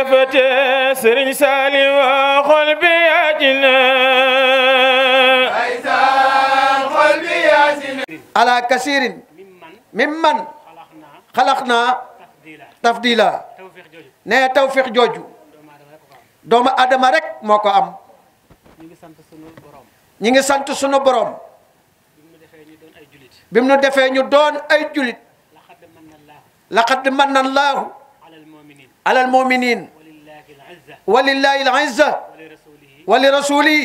jëfate sëriñ Saali wa xol bi yaajina ala kasirin mimman xalax naa tafdila ne tawfiix jooju doomu adama rek moo ko am ñi ngi sant sunu borom bi mu nu defee ñu doon ay julit laqad manna laahu على المؤمنين ولله العزة ولرسوله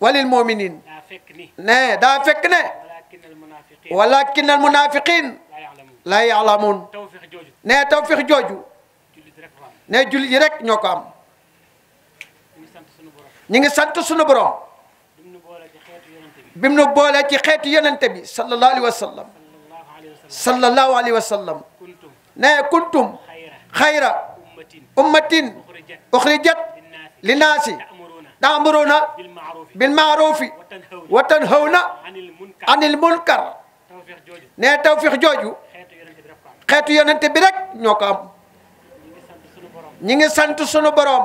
وللمؤمنين ne daa fekk ne walakin almunafiqin laa ya'lamuun ne tawfiq jooju ne jullit yi rek ñoo ko am ñu ngi sant sunu borom bi mu nu boolee ci xeetu yonente bi sallallahu alayhi wa sallam sallallahu alayhi wa sallam ne kuntum xayra ummatin uxrijat linaasi taamuruna bil maarufi wa tanhawna anil munkar ne tawfiix jooju xeetu yonente bi rek ñoo ko am ñi ngi sant sunu borom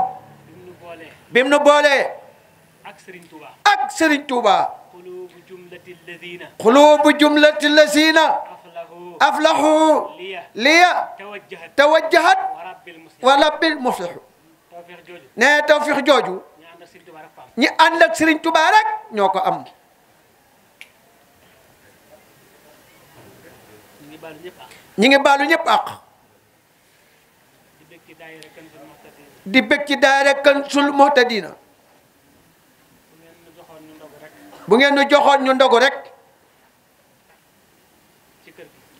bim nu boolee ak Serigne Touba xulubu jumlati lazina aflahu liya tawajjahat warabbil muflihu ne tawfiix jooju ñi ànd ak Serigne Touba rek ñoo ko am ñi ngi baalu ñëpp àq di bëgg ci daayira Kanzul Muhtadina bu ngeen ñu joxoon ñu ndogu rek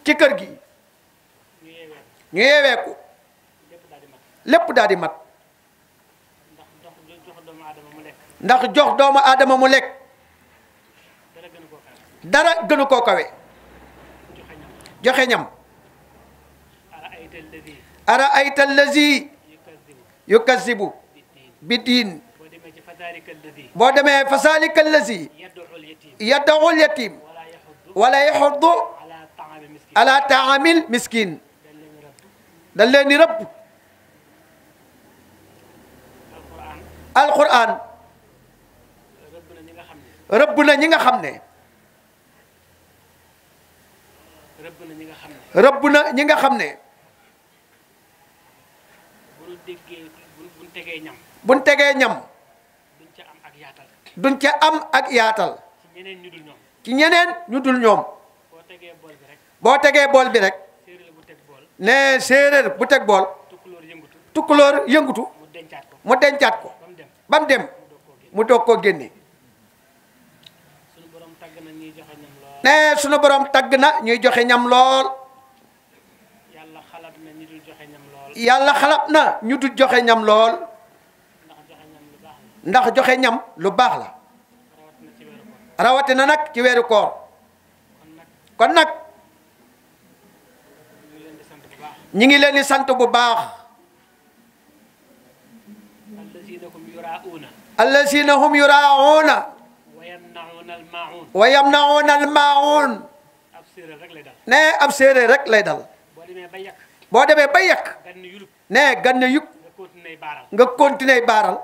ci kër gi ñu yeeweeku lépp daal di mat ndax jox doomu aadama mu lekk dara gënu koo kawe joxe ñam ara ayta allazi yukazibu bi diin boo demee fa zalika allazi yad'ul yatim wala yaxuddu ala taamil miskin dañ leen di rëbb alquran rëbb ñi nga xam ne rëbb na ñi nga xam ne rëbb na ñi nga xam ne buñ déggee buñ tegee ñam buñ tegee ñam duñ ca am ak yaatal duñ ca am ak yaatal ci ñeneen ñu dul ñoom ci tegee bool rek boo tegee bool bi rek ne séeréer bu teg bool tukkulóor yëngutu mu dencaat ko ba mu dem mu doog koo génne ne sunu borom tagg na ñuy joxe ñam lool yàlla xalaat na ñu dul joxe ñam lool ndax joxe ñam lu baax la rawatina nag ci weeru koor kon nag ñi ngi leen di sant bu baax allazina hum yuraauna wa yamnauna almaun ne ab séeréer rek lay dal boo demee ba yàq ne gan na yub nga continuer baaral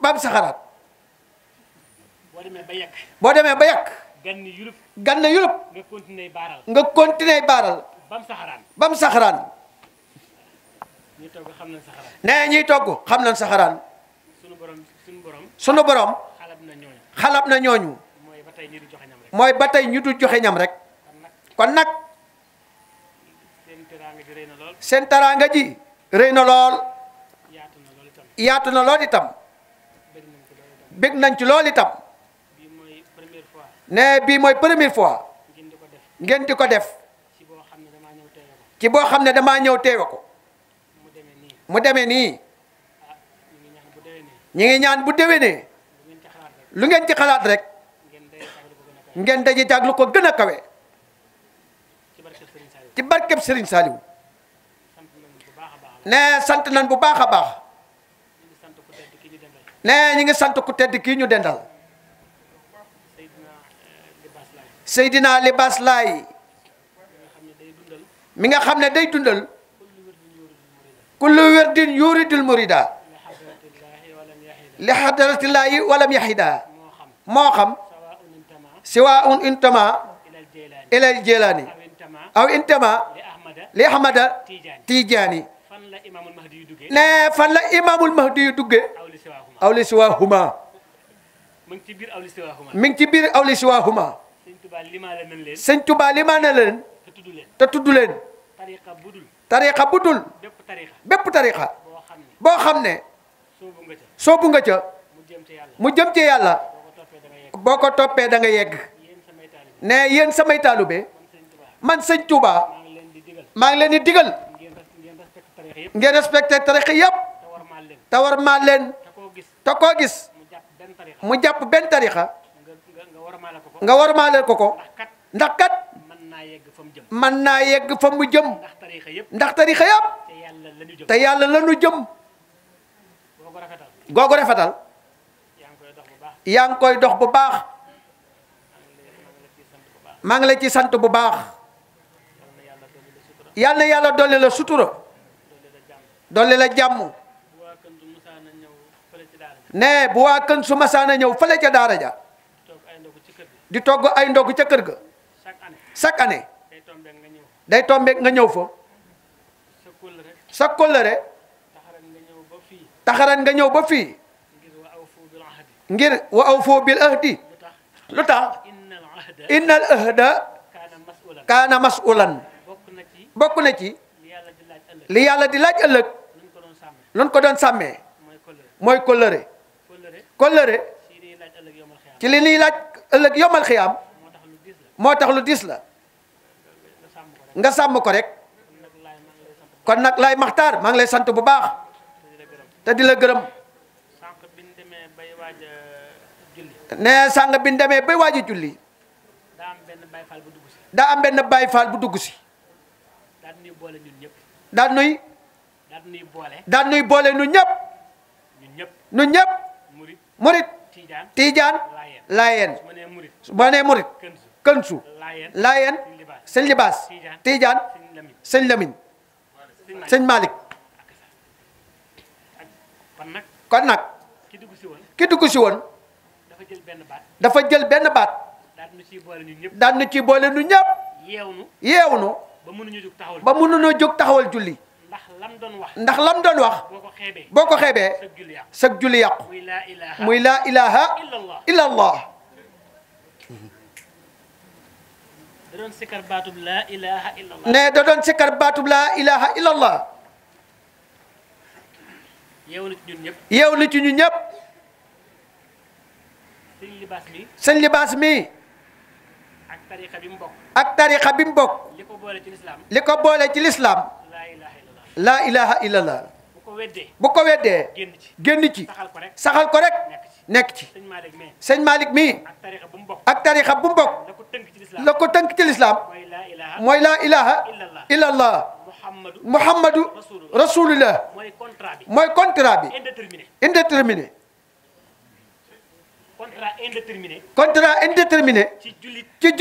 bam saxaraat boo demee ba yàq gan na yulub nga continuer baaral bam saxaraan ñuy togg xam nañ sa xaraan. nee ñuy togg xam nañ sa xaraan. sunu borom sunu borom. sunu na ñooñu. xalab na ñooñu. mooy ba tey ñu du joxe ñam rek. mooy ba tey ñu du ñam rek. kon nag. seen teraanga ji rëy na lool. seen teraanga ji rëy na lool. yaatu na lool itam. yaatu na lool itam. bëgg nañ ci lool itam. ne bii mooy première fois. ngeen di ko def. ci boo xam ne damaa ñëw teewe ko. mu demee nii ñu ngi ñaan bu déwénee lu ngeen ci xalaat rek ngeen daje jàng lu ko gën a kawe ci barkeb Serigne Saliou ne sant nañ bu baax a baax ne ñu ngi sant ku tedd kii ñu dendal Seydina Libaas Laay mi nga xam ne day dundal kullu werdin yuridul murida li hadratillahi walam yahida moo xam siwaun intama ilal aw intama li ahmada tijaani ne fan la imaamul mahdi yu dugge aw li siwahuma mi ngi ci biir aw li siwahuma sëñ Tuba limaa na leen tariqa bu dul bépp tariqa boo xam ne soobu nga ca mu jëm ci yàlla boo ko toppee da nga yegg ne yéen samay taalu taalube man sëñ Touba maa ngi leen di digal ngeen respecté tariqa yëpp ta war maa leen te koo gis mu jàpp benn tariqa nga war maale ko ko ndax kat naa yegg fa mu naa yegg fa mu jëm. ndax tariixa yëpp ndax tariixa yëpp. te yàlla la ñu jëm yàlla la ñu jëm. googu rafetal googu rafetal. yaa koy dox bu baax yaa dox bu baax. ngi la ci sant bu baax. yàlla na yàlla dolli la sutura. dolli la jàmm. ne bu waa kën su masaana ñëw fële ca daara ja di togg ay ndog ca kër ga. chaque année day tombeek nga ñëw fa sa kóllëre taxaran nga ñëw ba fii ngir wa awfu bil ahdi lu tax innal ahda kaana masulan bokk na ci li yàlla di laaj ëllëg lu ñu ko doon sàmmee mooy kóllëre kóllëre ci li ñuy laaj ëllëg yomal xiyaam moo tax lu dis la nga sàmm ko rek kon nag lay maxtaar maa ngi lay sant bu baax te di la gërëm nee sàng bi ñu demee bay waaj a julli daa am benn Baay Faal bu dugg si daal nuy boole ñun ñëpp daal nuy daal nuy boole ñun ñëpp ñun ñëpp murit tiijaan laayeen su ma nee murit Kansu Laayeen sëñ Libaas Tiijaan sëñ Lamin sëñ kon nag ki dugg si woon dafa jël benn baat daan na ci boole nu ñëpp yeew nu ba mënuñoo jóg taxawal julli ndax lam doon wax ndax lam doon wax boo ko xeebee sag julli yàqu muy la ilaha illa da doon sikkar baatub laa ilaha illallah. ne yeewu na ci ñun ñëpp. yeewu na ci ñun ñëpp. sëñ libaas mi. ak tariqa bi mu bokk. li ko boole ci lislaam. ci lislaam. laa ilaha illallah. laa bu ko weddee. bu ci génn ci. saxal ko rek nekk ci nekk ci. mi. ak tariqa bu la ko tënk ci lislaam mooy laa ilaha illa allah muhammadu rasulullah mooy contrat bi indéterminé contrat indéterminé. contrat indéterminé. ci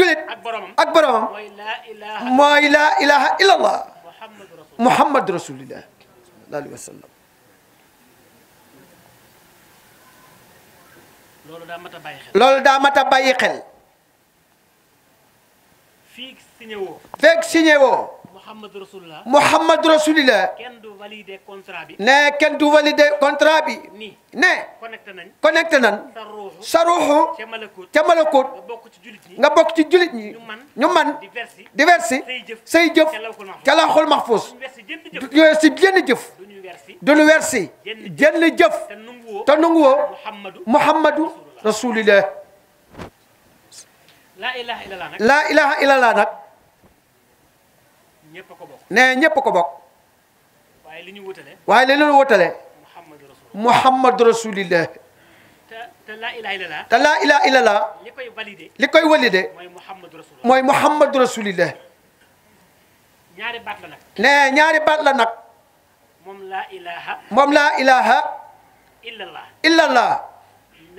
mooy laa ilaha illallah. muhammad rasulillah. alayhi wa sallam. loolu daa mat a bàyyi fii signé woo. fekk signé woo. Muhammad Rasulullah. Muhammad Rasulullah. kenn du validé contrat bi. ne kenn du validé contrat bi. ni ne. connecté nañ. connecté nañ. sa ruuxu. sa ruuxu. ca Malakut. ca Malakut. nga bokk ci jullit ñi. nga bokk ci jullit ñi. ñu man ñu man. diversi. diversi. say jëf. ca Lawhul Mahfuz. du wersi jenn jëf. du nu wersi. jenn jëf. te nungu woo. Muhammadu. Muhammadu Rasulullah. laa ilaha illallah nag laa ilaha illallah ko bokk nee ñëpp ko bokk. waaye li ñu wutale. waaye li ñu wutale. Muhammad rasulillah. te te laa ilaha illallah. te laa ilaha illallah. li koy validé. li koy validé. mooy Muhammad rasulillah. mooy Muhammad rasulillah. ñaari baat la nag. nee ñaari baat la nag. moom laa ilaha. moom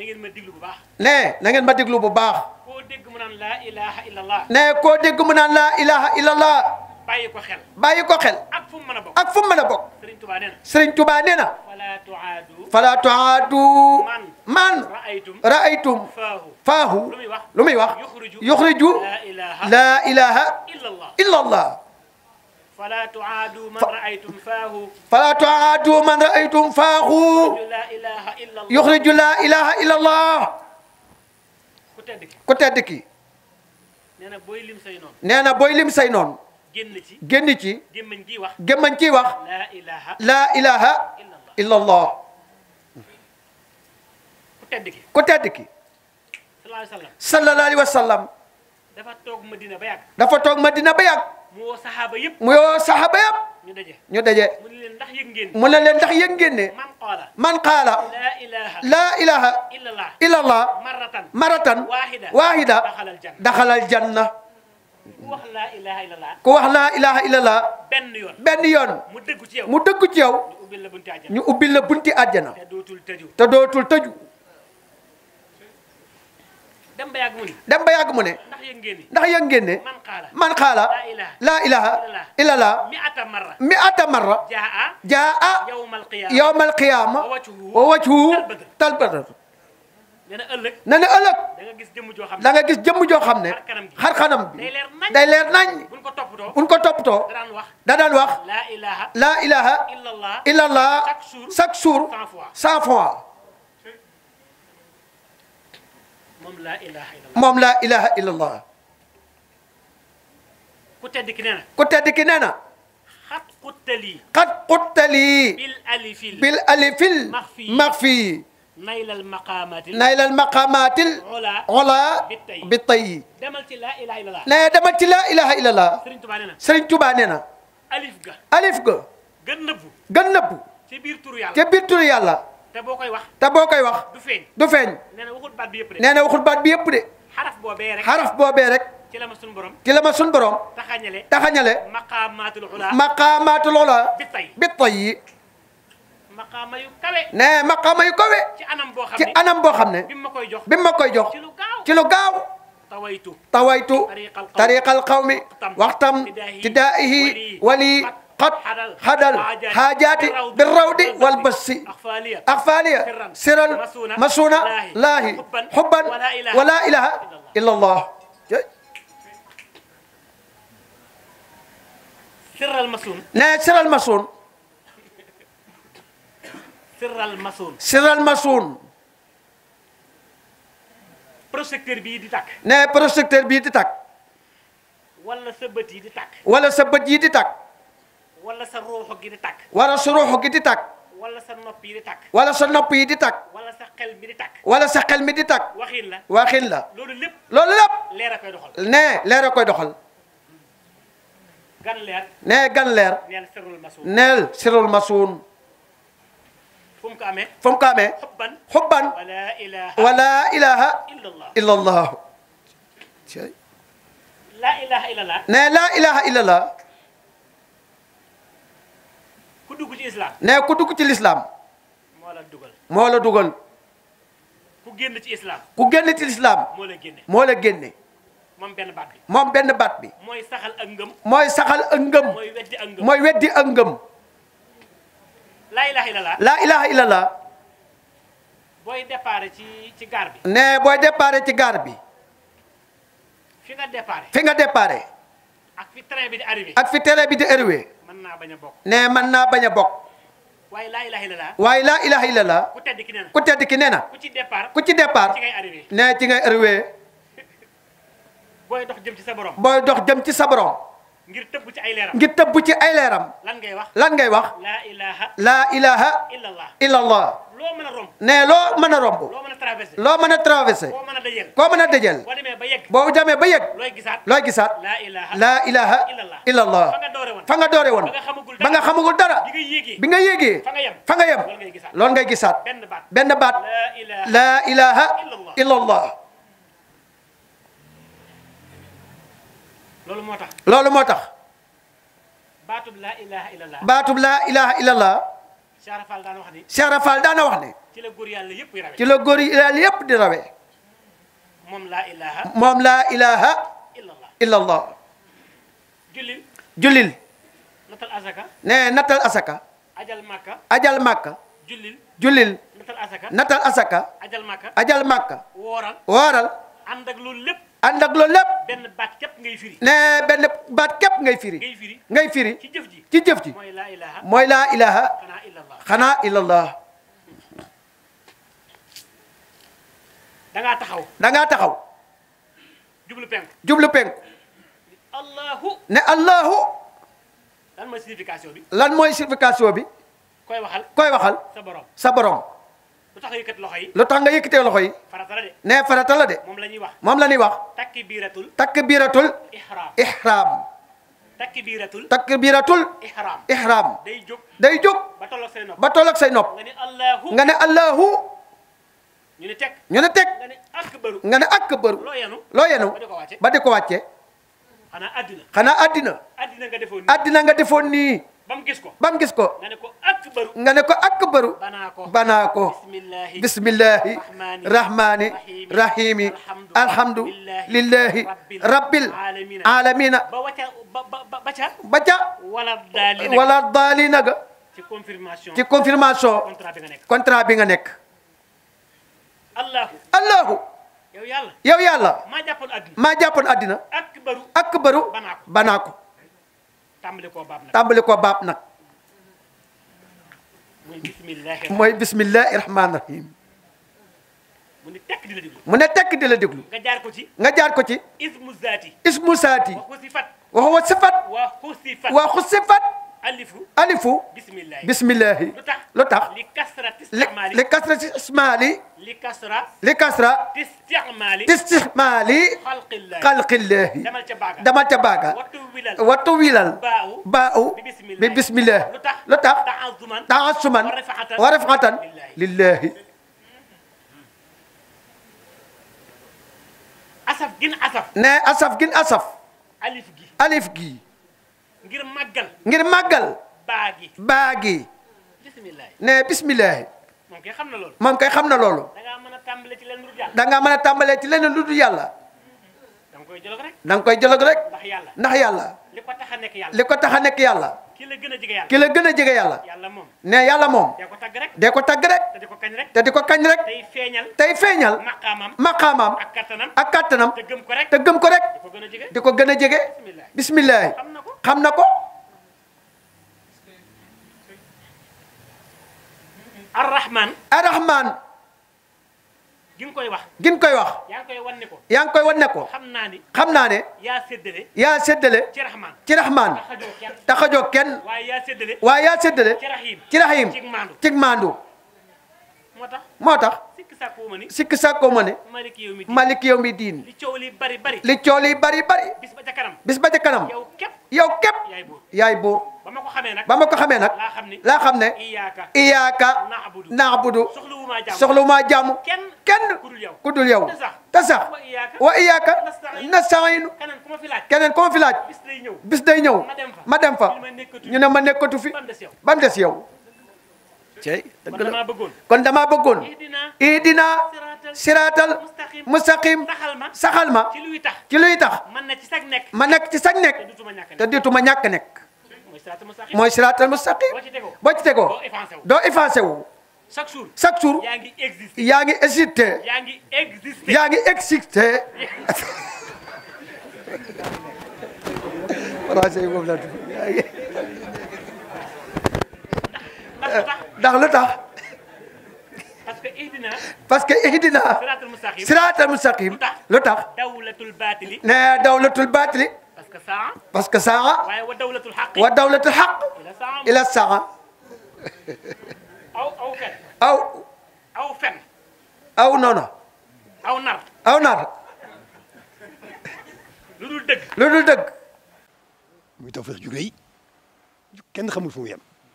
na ngeen ma déglu bu baax. nee na ngeen ma déglu bu baax. koo dégg mu naan laa ilaaha illallah. nee koo dégg mu naan laa ilaaha illallah. bàyyi ko xel bàyyi ko xel. ak fu mu mën a bokk ak fu mu mën a bokk. Serigne Touba nee na Serigne Touba nee na. Fala tuaadu. Fala tuaadu. man man. raaytum raaytum. faahu faahu. lu muy wax lu muy wax. yuxriju yuxriju. laa ilaaha laa ilaaha. illallah illallah. فلا تعادوا من رأيتم فاه فلا تعادوا من رأيتم فاه يخرج لا إله إلا الله ku tedd ki nee na booy lim say noon nee na booy lim say noon génn ci génn ci gémmañ ciy wax gémmañ ciy wax laa ilaha illa allah ku tedd ki ku tedd ki sallallahu alayhi wa sallam dafa toog Madina ba yàgg dafa toog Madina ba yàgg mu woo saxaaba yëpp mu woo saxaaba yëpp ñu daje ñu daje mu ne leen ndax yëg ngeen mu ne leen ndax yëg ngeen ne man qaala man qaala laa ilaha illallah maratan maratan waahida daxalal janna ku wax laa ilaha illallah ku wax laa ilaha illallah benn yoon benn yoon mu dëggu ci yow mu dëggu ci yow ñu ubbil la bunti àjjana te dootul tëju te dootul tëju dem ba yàgg mu ne dem ba yàgg mu ne ndax yëg ngeen ne man xaala laa ilaha illa laa mi ata marra jaa a yawma alqiyaama wa wajhu tal badar ne na ëllëg da nga gis jëmm joo xam ne xar xanam bi day leer nañ buñ ko toppatoo da daan wax laa ilaha illa allah chaque jour cent fois moom laa ilaha illallah. ku tedd ki nee na. ku tedd ki nee na. xat quttalii. xat quttalii. bil alifil bil alifil. maxfii naylal maqaamaatil. naylal maqaamaatil. xoolaa xoolaa. bitay demal ci laa ilaha illallah. nee demal ci laa ilaha illallah. Serigne Touba nee na. Serigne Touba nee na. alif ga. alif ga. gën nëbbu. gën nëbbu. ca biir turu yàlla. ca biir turu yàlla. te boo koy wax te boo koy wax. du feeñ du feeñ. nee na waxul baat bi yëpp de. nee na waxul baat bi yëpp de. xaraf boobee rek xaraf rek. ci la ma sunu borom ci la ma sunu borom. taxañale taxañale. maqaamaatul ula maqaamaatul ula. bi tay bi tay yi. maqaama yu kawe. nee maqaama yu kawe. ci anam boo xam ne ci anam boo xam ne. bi ma koy jox bi koy jox. ci lu gaaw ci lu gaaw. tawaytu tawaytu. tariqal قد حدل حاجات بالروض والبس أخفالية سر مسونة الله حبا ولا إله إلا الله سر المسون لا سر المسون سر المسون سر المسون projecteur bii di tàkk. nee projecteur bii di tàkk. wala sa bët yi di tàkk. wala sa bët yi di tàkk. wala sa ruuxu gi di tàkk. wala sa ruuxu gi di tàkk. wala sa nopp yi di tàkk. wala sa nopp yi di tàkk. wala sa xel mi di tàkk. wala sa xel mi di tàkk. waxin la waxin la. loolu lépp loolu lépp. leer a koy doxal nee leer a koy doxal. gan leer. nee gan leer. neel sirul masuun. neel sirul masuun. fu mu ko amee. fu mu ko amee. xubban xubban. wala ilaha wala ilaha. illallah illallah. nee laa ilaha illallah. ku dugg ci islam. nee ku dugg ci lislaam moo la dugal moo la dugal. ku génn ci islam. ku génn ci lislaam moo la génne moo moom benn baat bi moom benn mooy saxal ak ngëm. mooy saxal ak weddi ak ngëm mooy weddi ak laa ilaha illallah. laa ilaha illallah. booy départ ci ci gaar bi. nee booy départ ci gaar bi. fi nga départ. fi nga départ. ak fi télé bi di arrivé. ak fi télé bi di arrivé. mën naa bañ a bokk. nee mën naa bañ a bokk. waaye laa ilaha illallah. waaye laa ilaha illallah. ku tedd ki nee na ku tedd ki na. ku ci départ ku ci départ. ci ngay arrivé nee ci ngay arrivé. booy dox jëm ci sa borom. booy dox jëm ci sa borom. ngir tëbb ci ay leeram ngir tëbb ci ay leeram. lan ngay wax lan ngay wax. laa ilaha. laa ilaha. illallah illallah. loo mën a romb. nee loo mën a romb. loo mën a traversé. loo mën a traversé. koo mën a dajeel. koo mën a dajeel. boo demee ba yegg. boo demee ba yegg. looy gisaat looy gisaat. laa ilaha. laa ilaha. illallah. fa nga doore woon. fa nga doore woon. ba nga xamagul dara. bi nga yéegee. bi nga yéegee. fa nga yem. fa nga yem. loolu ngay gisaat. benn baat. benn baat. laa ilaha. illallah. loolu moo tax loolu moo tax. baatub laa ilaha illallah baatub laa ilaha wax ni. Cheikh Rafal wax ni. ci la góor yàlla yëpp di rawee ci la góor yàlla yëpp di rawee. moom laa ilaha moom laa ilaha. jullil natal asaka nee natal asaka. ajal makka wooral wooral. ànd ak loolu lépp. ànd ak loolu benn baat képp ngay firi. nee benn baat ngay firi. ngay firi ci jëf ji ci jëf mooy la ilaha. mooy laa ilaha. xanaa illallah xanaa taxaw. da taxaw. jublu penk. jublu penk. allahu. ne allahu. lan mooy signification bi. lan mooy signification bi. koy waxal koy waxal. sa borom lu tax nga yëkkati loxo yi. lu tax nga yëkkatee loxo yi. farata la de. nee farata la moom la ñuy wax moom la ñuy wax. takbiratul. takbiratul. ihram ihram. takbiratul. takbiratul. ihram ihram. day jóg day jóg. ba toll ak say nopp ba toll say nopp. nga ne allahu nga ne allahu. ñu ne tek ñu ne teg. nga ne akbaru nga ne akbaru. loo yenu ba di ko wàcce. xanaa addina xanaa addina. addina nga defoon nii nga defoon nii. ba gis ko ba gis ko nga ne ko ak bëru nga ne ko ak rahimi alhamdu lillahi rabbil alamina ba wala daali naga ci confirmation ci confirmation bi nga nekk allahu allahu yow yàlla yow yàlla maa addina maa jàppoon tàmbali koo baab nag koo baab nag. mooy bismillahi mooy bismillahi rahmaani rahim. mu ne tekk di déglu mu ne tekk la déglu. nga jaar ko ci nga jaar ko ci. ismu zaati ismu sifat waxu sifat. alifu alifu. bisimilah bisimilah. lu tax lu tax. li kasra tisticmaali li kasra tisticmaali. li kasra. li kasra. tisticmaali. tisticmaali. xalqillaahi xalqillaahi. damal ca baaga damal ca baaga. wattu wilal wattu wilal. baaw baaw. bi bisimilah lu tax lu tax. taasuman taasuman. wa rafatan lillaahi. asaf gin asaf. nee asaf gin asaf. alif gi alif gi. ngir màggal. ngir màggal. baagi baagi. bisimilah ne bisimilah. moom kay xam na loolu. moom kay xam na loolu. da ngaa mën a tàmbalee ci leneen lu dul yàlla. a tàmbalee ci leneen lu yàlla. da nga koy jëloog rek. da nga koy rek. ndax yàlla ndax yàlla. li ko tax nekk yàlla. li ko tax a yàlla. ki la gën a jege yàlla ki la gën a jege yàlla. yàlla moom ne yàlla moom. dee ko tagg rek dee ko tagg rek. te di ko kañ rek te di ko kañ rek. tey feeñal tey feeñal. maqaamam maqaamam. ak kattanam ak kattanam. te gëm ko rek gëm ko rek. di ko gën a jege di ko gën a jege. bisimilah. xam na ko arrahman arrahman gi nga koy wax gi koy wax yaa ngi koy wan ko yaa ngi koy wan ne ko xam naa ne xam naa ne yaa séddale yaa séddale ci rahman ci rahman taxajoo kenn waaye yaa séddale waaye yaa séddale ci ci rahim cig maandu moo tax moo tax sikk sàkkoo ma ne malik yow mi diin li coow li bari bari bis ba ca kanam bis ba ca kanam yow képp yaay buur ba ma ko xamee nag ba ma ko xamee nag laa xam ne iyaaka naabudu soxluwumaa jaamu kenn ku dul yow te sax wa iyaaka nasta'iinu keneen ku ma fi laaj bis day ñëw ma dem fa ñu ne ma nekkatu fi ba mu des yow cey dëgg la kon damaa bëggoon ihdina siraatal mustaqim saxal ma ci luy tax ma nekk ci sag nekk te dituma ñàkk nekk mooy siraatal mustaqim boo ci tegoo doo effacé wu chaque jour chaque jour yaa ngi existé yaa ngi existé français yi moom Eh, ndax lu tax parce que ihdina parce que ihdina siraatal mustaqim lu tax dawlatul baatili ne dawlatul baatili parce que saa waaye wa dawlatul xaq wa dawlatul xaq ila saa aw aw fen aw aw fen aw noonu aw nar aw nar lu dul dëgg lu dul dëgg muy tawfeex ju rëy kenn xamul fu mu yem